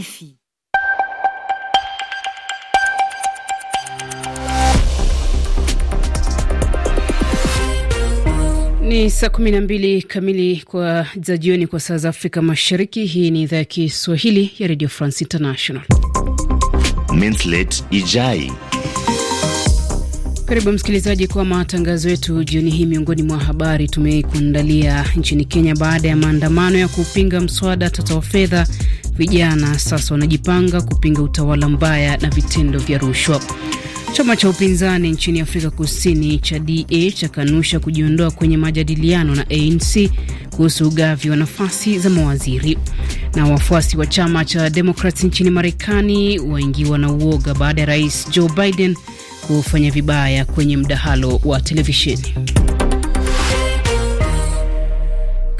RFI. Ni saa 12 kamili kwa za jioni kwa saa za Afrika Mashariki. Hii ni idhaa ya Kiswahili ya Radio France International. Mintlet Ijai. Karibu msikilizaji kwa matangazo yetu jioni hii. Miongoni mwa habari tumekuandalia: nchini Kenya, baada ya maandamano ya kupinga mswada tata wa fedha, vijana sasa wanajipanga kupinga utawala mbaya na vitendo vya rushwa. Chama cha upinzani nchini Afrika Kusini cha DA chakanusha kujiondoa kwenye majadiliano na ANC kuhusu ugavi wa nafasi za mawaziri. Na wafuasi wa chama cha demokrat nchini Marekani waingiwa na uoga baada ya rais Joe Biden kufanya vibaya kwenye mdahalo wa televisheni.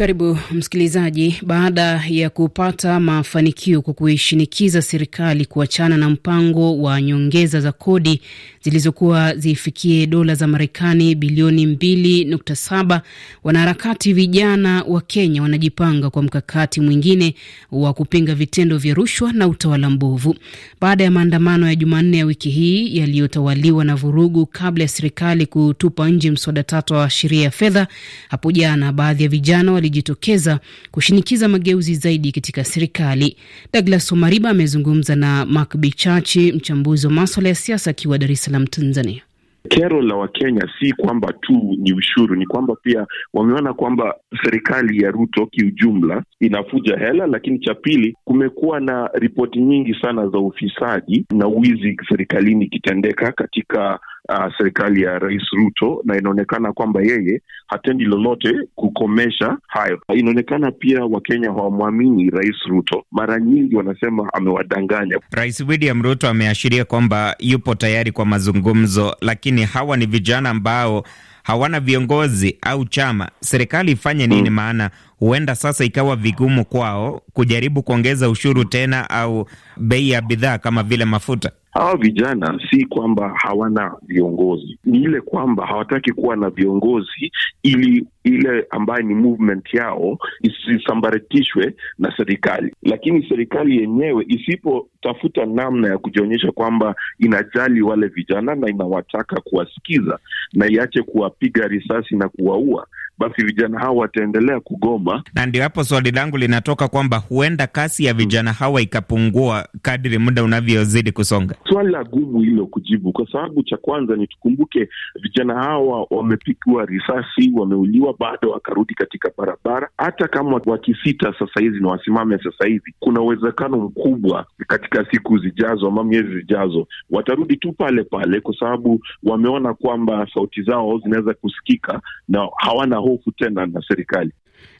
Karibu msikilizaji. Baada ya kupata mafanikio kwa kuishinikiza serikali kuachana na mpango wa nyongeza za kodi zilizokuwa zifikie dola za Marekani bilioni 2.7, wanaharakati vijana wa Kenya wanajipanga kwa mkakati mwingine wa kupinga vitendo vya rushwa na utawala mbovu. Baada ya maandamano ya Jumanne ya wiki hii yaliyotawaliwa na vurugu kabla ya serikali kutupa nje mswada tata wa sheria ya fedha hapo jana, baadhi ya vijana wali walijitokeza kushinikiza mageuzi zaidi katika serikali. Douglas Omariba amezungumza na Mark Bichachi, mchambuzi wa maswala ya siasa, akiwa Dar es Salaam, Tanzania. Kero la Wakenya si kwamba tu ni ushuru, ni kwamba pia wameona kwamba serikali ya Ruto kiujumla inafuja hela, lakini cha pili, kumekuwa na ripoti nyingi sana za ufisadi na wizi serikalini ikitendeka katika uh, serikali ya Rais Ruto, na inaonekana kwamba yeye hatendi lolote kukomesha hayo. Inaonekana pia Wakenya hawamwamini Rais Ruto, mara nyingi wanasema amewadanganya. Rais William Ruto ameashiria kwamba yupo tayari kwa mazungumzo, lakini hawa ni vijana ambao hawana viongozi au chama. Serikali ifanye nini? Mm. Maana huenda sasa ikawa vigumu kwao kujaribu kuongeza ushuru tena au bei ya bidhaa kama vile mafuta. Hawa vijana si kwamba hawana viongozi, ni ile kwamba hawataki kuwa na viongozi ili ile ambayo ni movement yao isisambaratishwe na serikali, lakini serikali yenyewe isipo kutafuta namna ya kujionyesha kwamba inajali wale vijana na inawataka kuwasikiza na iache kuwapiga risasi na kuwaua, basi vijana hawa wataendelea kugoma. Na ndio hapo swali langu linatoka kwamba huenda kasi ya vijana hawa ikapungua kadri muda unavyozidi kusonga. Swali la gumu hilo kujibu, kwa sababu cha kwanza ni tukumbuke, vijana hawa wamepigwa risasi, wameuliwa, bado wakarudi katika barabara. Hata kama wakisita sasa hizi na wasimame sasa hivi, kuna uwezekano mkubwa katika katika siku zijazo ama miezi zijazo, watarudi tu pale pale, kwa sababu wameona kwamba sauti zao zinaweza kusikika na hawana hofu tena na serikali.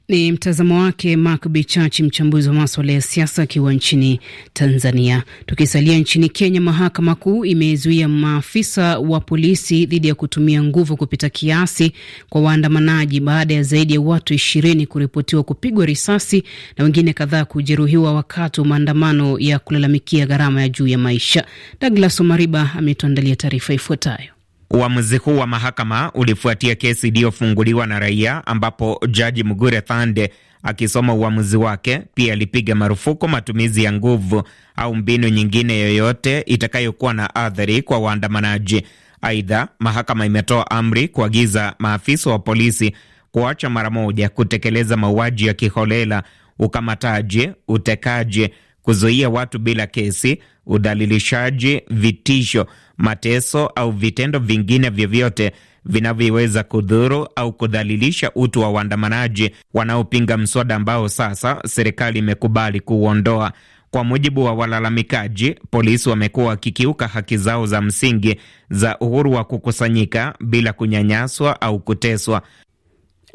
Ni mtazamo wake Mark Bichachi, mchambuzi wa maswala ya siasa akiwa nchini Tanzania. Tukisalia nchini Kenya, mahakama kuu imezuia maafisa wa polisi dhidi ya kutumia nguvu kupita kiasi kwa waandamanaji baada ya zaidi ya watu ishirini kuripotiwa kupigwa risasi na wengine kadhaa kujeruhiwa wakati wa maandamano ya kulalamikia gharama ya juu ya maisha. Douglas Omariba ametuandalia taarifa ifuatayo. Uamuzi huu wa mahakama ulifuatia kesi iliyofunguliwa na raia, ambapo jaji Mugure Thande akisoma uamuzi wake pia alipiga marufuku matumizi ya nguvu au mbinu nyingine yoyote itakayokuwa na athari kwa waandamanaji. Aidha, mahakama imetoa amri kuagiza maafisa wa polisi kuacha mara moja kutekeleza mauaji ya kiholela, ukamataji, utekaji, kuzuia watu bila kesi, udhalilishaji, vitisho mateso au vitendo vingine vyovyote vinavyoweza kudhuru au kudhalilisha utu wa waandamanaji wanaopinga mswada ambao sasa serikali imekubali kuuondoa. Kwa mujibu wa walalamikaji, polisi wamekuwa wakikiuka haki zao za msingi za uhuru wa kukusanyika bila kunyanyaswa au kuteswa.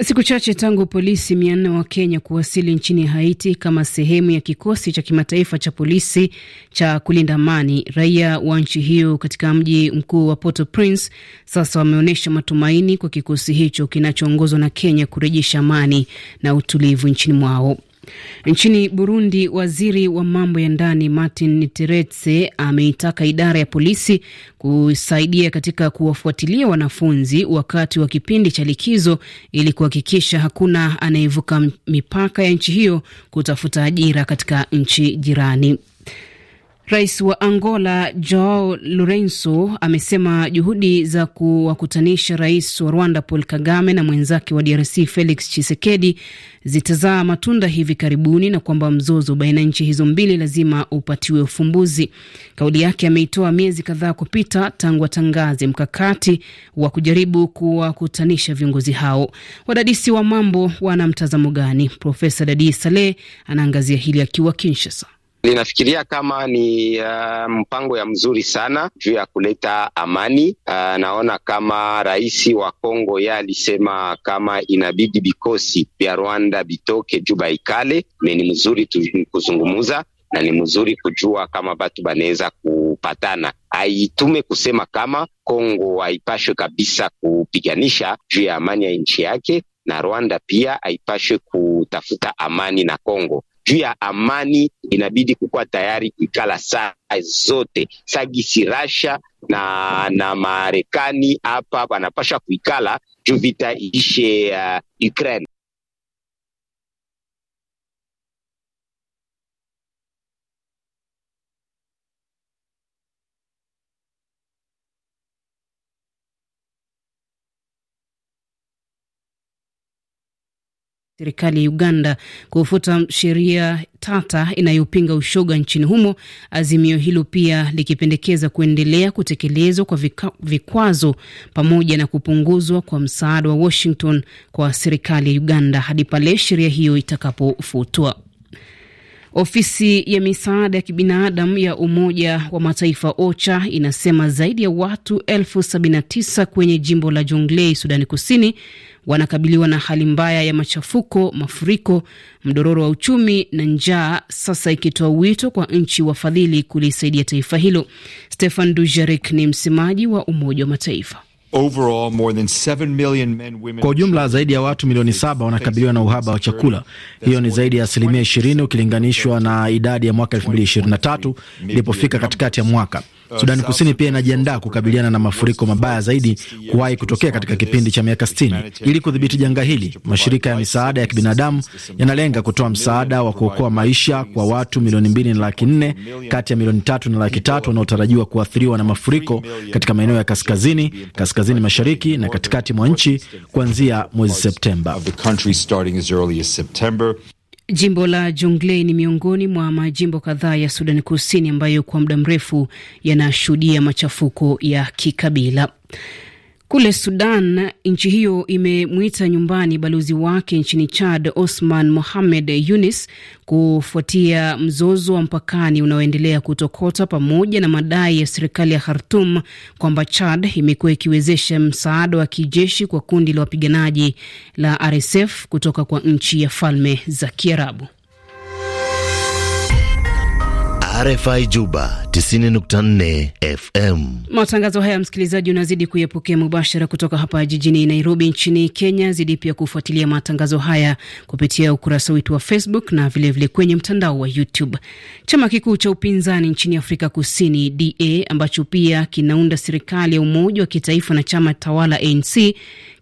Siku chache tangu polisi mia nne wa Kenya kuwasili nchini Haiti kama sehemu ya kikosi cha kimataifa cha polisi cha kulinda amani, raia wa nchi hiyo katika mji mkuu wa port prince sasa wameonyesha matumaini kwa kikosi hicho kinachoongozwa na Kenya kurejesha amani na utulivu nchini mwao. Nchini Burundi, waziri wa mambo ya ndani Martin Niteretse ameitaka idara ya polisi kusaidia katika kuwafuatilia wanafunzi wakati wa kipindi cha likizo ili kuhakikisha hakuna anayevuka mipaka ya nchi hiyo kutafuta ajira katika nchi jirani. Rais wa Angola Joao lorenzo amesema juhudi za kuwakutanisha rais wa Rwanda Paul Kagame na mwenzake wa DRC Felix Tshisekedi zitazaa matunda hivi karibuni na kwamba mzozo baina ya nchi hizo mbili lazima upatiwe ufumbuzi. Kauli yake ameitoa miezi kadhaa kupita tangu atangaze mkakati wa kujaribu kuwakutanisha viongozi hao. Wadadisi wa mambo wana mtazamo gani? Profesa Dadi Saleh anaangazia hili akiwa Kinshasa linafikiria kama ni uh, mpango ya mzuri sana juu ya kuleta amani. Uh, naona kama rais wa Kongo ye alisema kama inabidi vikosi vya Rwanda vitoke juu baikale ne, ni mzuri kuzungumuza na ni mzuri kujua kama batu banaweza kupatana. Haitume kusema kama Kongo haipashwe kabisa kupiganisha juu ya amani ya nchi yake, na Rwanda pia haipashwe kutafuta amani na Kongo juu ya amani, inabidi kukuwa tayari kuikala saa zote sagisi Rasha na na Marekani hapa wanapasha kuikala juu vita ishe uh, Ukraine. Serikali ya Uganda kufuta sheria tata inayopinga ushoga nchini humo, azimio hilo pia likipendekeza kuendelea kutekelezwa kwa vika, vikwazo pamoja na kupunguzwa kwa msaada wa Washington kwa serikali ya Uganda hadi pale sheria hiyo itakapofutwa. Ofisi ya misaada ya kibinadamu ya Umoja wa Mataifa OCHA inasema zaidi ya watu elfu 79 kwenye jimbo la Jonglei, Sudani Kusini wanakabiliwa na hali mbaya ya machafuko, mafuriko, mdororo wa uchumi na njaa, sasa ikitoa wito kwa nchi wafadhili kulisaidia taifa hilo. Stefan dujerik ni msemaji wa Umoja wa Mataifa. Overall, more than 7 million men, women, kwa ujumla zaidi ya watu milioni saba wanakabiliwa na uhaba wa chakula. Hiyo ni zaidi ya asilimia 20 ukilinganishwa na idadi ya mwaka 2023 ilipofika katikati ya mwaka. Uh, Sudani Kusini pia inajiandaa kukabiliana na mafuriko mabaya zaidi kuwahi kutokea katika kipindi cha miaka 60. Ili kudhibiti janga hili, mashirika ya misaada ya kibinadamu yanalenga kutoa msaada wa kuokoa maisha kwa watu milioni mbili na laki nne kati ya milioni tatu na laki tatu wanaotarajiwa kuathiriwa na mafuriko katika maeneo ya kaskazini, kaskazini mashariki na katikati mwa nchi kuanzia mwezi Septemba. Jimbo la Jonglei ni miongoni mwa majimbo kadhaa ya Sudani Kusini ambayo kwa muda mrefu yanashuhudia machafuko ya kikabila. Kule Sudan, nchi hiyo imemwita nyumbani balozi wake nchini Chad, Osman Mohamed Yunis, kufuatia mzozo wa mpakani unaoendelea kutokota pamoja na madai ya serikali ya Khartum kwamba Chad imekuwa ikiwezesha msaada wa kijeshi kwa kundi la wapiganaji la RSF kutoka kwa nchi ya Falme za Kiarabu. RFI Juba 90.4 FM. Matangazo haya msikilizaji, unazidi kuyapokea mubashara kutoka hapa jijini Nairobi nchini Kenya. Zidi pia kufuatilia matangazo haya kupitia ukurasa wetu wa Facebook na vilevile vile kwenye mtandao wa YouTube. Chama kikuu cha upinzani nchini Afrika Kusini DA ambacho pia kinaunda serikali ya umoja wa kitaifa na chama tawala ANC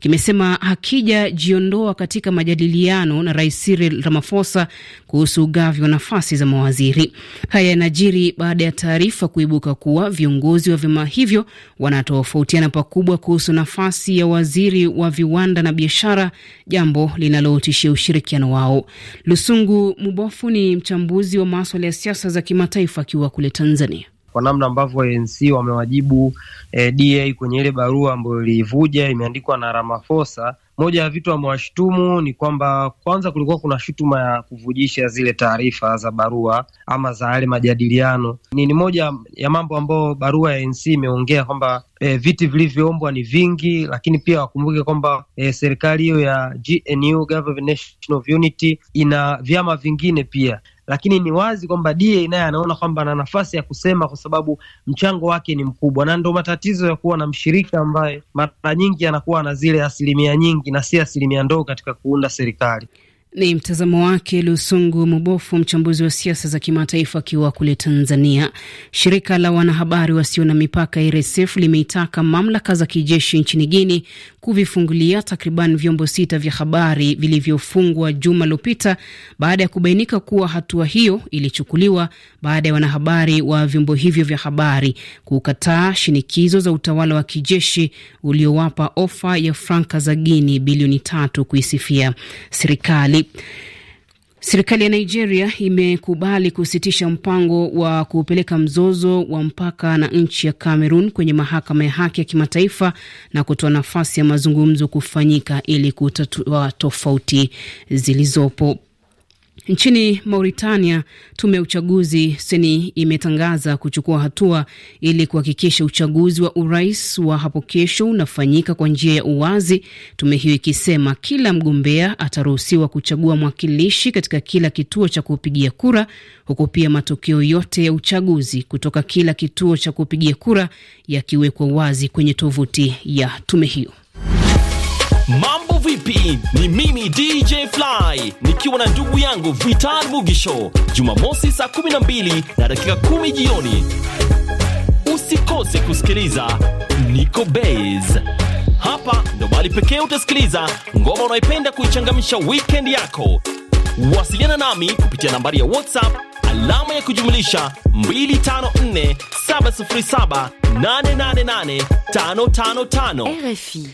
kimesema hakijajiondoa katika majadiliano na Rais Cyril Ramaphosa kuhusu ugavi wa nafasi za mawaziri. Haya yanajiri baada ya taarifa kuibuka kuwa viongozi wa vyama hivyo wanatofautiana pakubwa kuhusu nafasi ya waziri wa viwanda na biashara, jambo linalotishia ushirikiano wao. Lusungu Mubofu ni mchambuzi wa maswala ya siasa za kimataifa akiwa kule Tanzania kwa namna ambavyo ANC wamewajibu eh, DA kwenye ile barua ambayo ilivuja imeandikwa na Ramaphosa. Moja ya vitu amewashtumu ni kwamba kwanza kulikuwa kuna shutuma ya kuvujisha zile taarifa za barua ama za yale majadiliano. Ni, ni moja ya mambo ambayo barua ya NC imeongea kwamba e, viti vilivyoombwa ni vingi, lakini pia wakumbuke kwamba e, serikali hiyo ya GNU Government National Unity ina vyama vingine pia lakini ni wazi kwamba DA naye anaona kwamba ana nafasi ya kusema kwa sababu mchango wake ni mkubwa, na ndo matatizo ya kuwa na mshirika ambaye mara nyingi anakuwa na zile asilimia nyingi na si asilimia ndogo katika kuunda serikali. Ni mtazamo wake Lusungu Mubofu, mchambuzi wa siasa za kimataifa akiwa kule Tanzania. Shirika la wanahabari wasio na mipaka RSF limeitaka mamlaka za kijeshi nchini Guini kuvifungulia takriban vyombo sita vya habari vilivyofungwa juma lilopita baada ya kubainika kuwa hatua hiyo ilichukuliwa baada ya wanahabari wa vyombo hivyo vya habari kukataa shinikizo za utawala wa kijeshi uliowapa ofa ya franka za Guini bilioni tatu kuisifia serikali. Serikali ya Nigeria imekubali kusitisha mpango wa kupeleka mzozo wa mpaka na nchi ya Cameroon kwenye mahakama ya haki ya kimataifa na kutoa nafasi ya mazungumzo kufanyika ili kutatua tofauti zilizopo. Nchini Mauritania, tume ya uchaguzi seni imetangaza kuchukua hatua ili kuhakikisha uchaguzi wa urais wa hapo kesho unafanyika kwa njia ya uwazi, tume hiyo ikisema kila mgombea ataruhusiwa kuchagua mwakilishi katika kila kituo cha kupigia kura, huku pia matokeo yote ya uchaguzi kutoka kila kituo cha kupigia kura yakiwekwa wazi kwenye tovuti ya tume hiyo. Mambo vipi? Ni mimi DJ Fly nikiwa na ndugu yangu Vital Mugisho, Jumamosi saa 12 na dakika 10 jioni, usikose kusikiliza Niko Bas. Hapa ndo bali pekee utasikiliza ngoma unaipenda kuichangamisha wikend yako. Wasiliana nami kupitia nambari ya WhatsApp alama ya kujumlisha 254 RFI.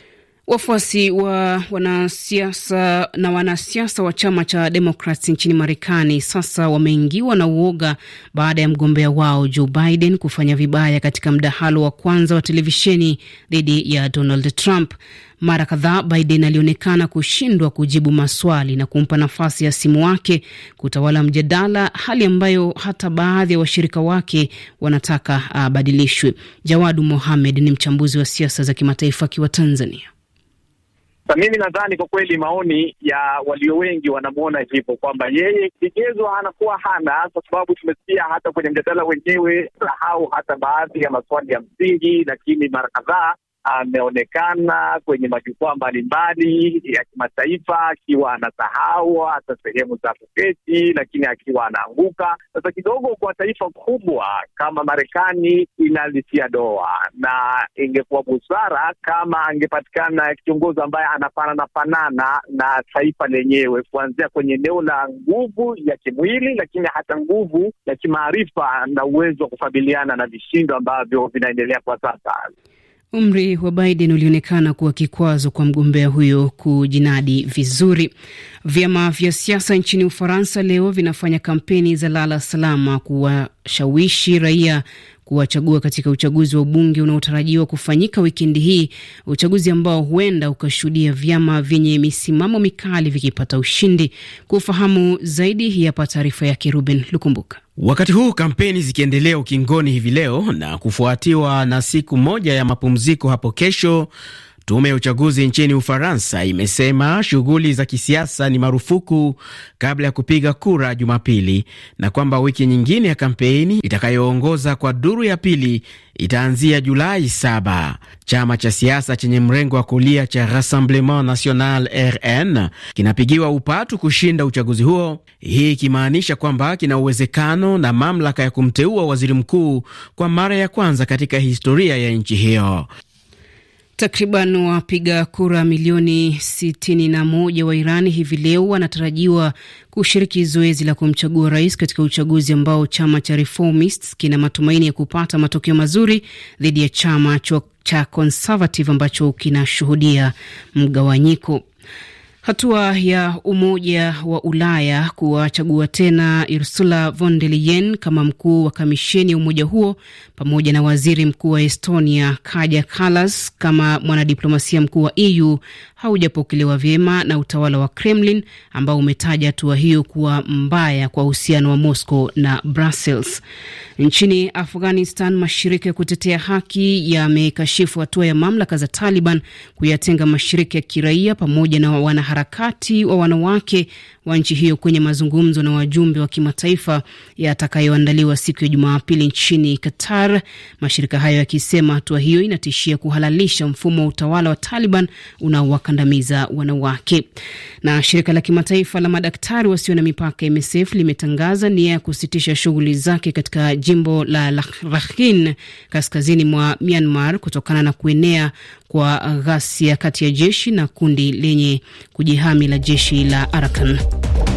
Wafuasi wa wanasiasa na wanasiasa wa chama cha Demokrat nchini Marekani sasa wameingiwa na uoga baada ya mgombea wao Joe Biden kufanya vibaya katika mdahalo wa kwanza wa televisheni dhidi ya Donald Trump. Mara kadhaa Biden alionekana kushindwa kujibu maswali na kumpa nafasi ya simu wake kutawala mjadala, hali ambayo hata baadhi ya wa washirika wake wanataka abadilishwe. Jawadu Mohamed ni mchambuzi wa siasa za kimataifa akiwa Tanzania. Sa mimi nadhani kwa kweli maoni ya walio wengi wanamwona hivyo kwamba yeye kigezo anakuwa hana, kwa sababu tumesikia hata kwenye mjadala wenyewe sahau hata baadhi ya maswali ya msingi, lakini mara kadhaa ameonekana kwenye majukwaa mbalimbali ya kimataifa akiwa anasahau hata sehemu za kuketi, lakini akiwa anaanguka. Sasa kidogo kwa taifa kubwa kama Marekani inalitia doa, na ingekuwa busara kama angepatikana kiongozi ambaye anafanana fanana na taifa lenyewe, kuanzia kwenye eneo la nguvu ya kimwili, lakini hata nguvu ya kimaarifa na uwezo wa kukabiliana na vishindo ambavyo vinaendelea kwa sasa. Umri wa Biden ulionekana kuwa kikwazo kwa mgombea huyo kujinadi vizuri. Vyama vya siasa nchini Ufaransa leo vinafanya kampeni za lala salama kuwashawishi raia kuwachagua katika uchaguzi wa ubunge unaotarajiwa kufanyika wikendi hii, uchaguzi ambao huenda ukashuhudia vyama vyenye misimamo mikali vikipata ushindi. Kufahamu zaidi, hapa taarifa yake Ruben Lukumbuka. Wakati huu kampeni zikiendelea ukingoni hivi leo na kufuatiwa na siku moja ya mapumziko hapo kesho Tume ya uchaguzi nchini Ufaransa imesema shughuli za kisiasa ni marufuku kabla ya kupiga kura Jumapili, na kwamba wiki nyingine ya kampeni itakayoongoza kwa duru ya pili itaanzia Julai saba. Chama cha siasa chenye mrengo wa kulia cha Rassemblement National RN kinapigiwa upatu kushinda uchaguzi huo, hii ikimaanisha kwamba kina uwezekano na mamlaka ya kumteua waziri mkuu kwa mara ya kwanza katika historia ya nchi hiyo. Takriban wapiga kura milioni 61 wa Iran hivi leo wanatarajiwa kushiriki zoezi la kumchagua rais katika uchaguzi ambao chama cha Reformists kina matumaini ya kupata matokeo mazuri dhidi ya chama cha Conservative ambacho kinashuhudia mgawanyiko. Hatua ya Umoja wa Ulaya kuwachagua tena Ursula von der Leyen kama mkuu wa kamisheni ya umoja huo pamoja na waziri mkuu wa Estonia Kaja Kallas kama mwanadiplomasia mkuu wa EU haujapokelewa vyema na utawala wa Kremlin ambao umetaja hatua hiyo kuwa mbaya kwa uhusiano wa Moscow na Brussels. Nchini Afghanistan, mashirika ya kutetea haki yamekashifu hatua ya mamlaka za Taliban kuyatenga mashirika ya kiraia pamoja na wana wanaharakati wa wanawake wa nchi hiyo kwenye mazungumzo na wajumbe wa kimataifa yatakayoandaliwa siku ya Jumapili nchini Qatar, mashirika hayo yakisema hatua hiyo inatishia kuhalalisha mfumo wa utawala wa Taliban unaowakandamiza wanawake. Na shirika la kimataifa la madaktari wasio na mipaka MSF limetangaza nia ya kusitisha shughuli zake katika jimbo la Rakhine kaskazini mwa Myanmar kutokana na kuenea kwa ghasia kati ya jeshi na kundi lenye kujihami la jeshi la Arakan.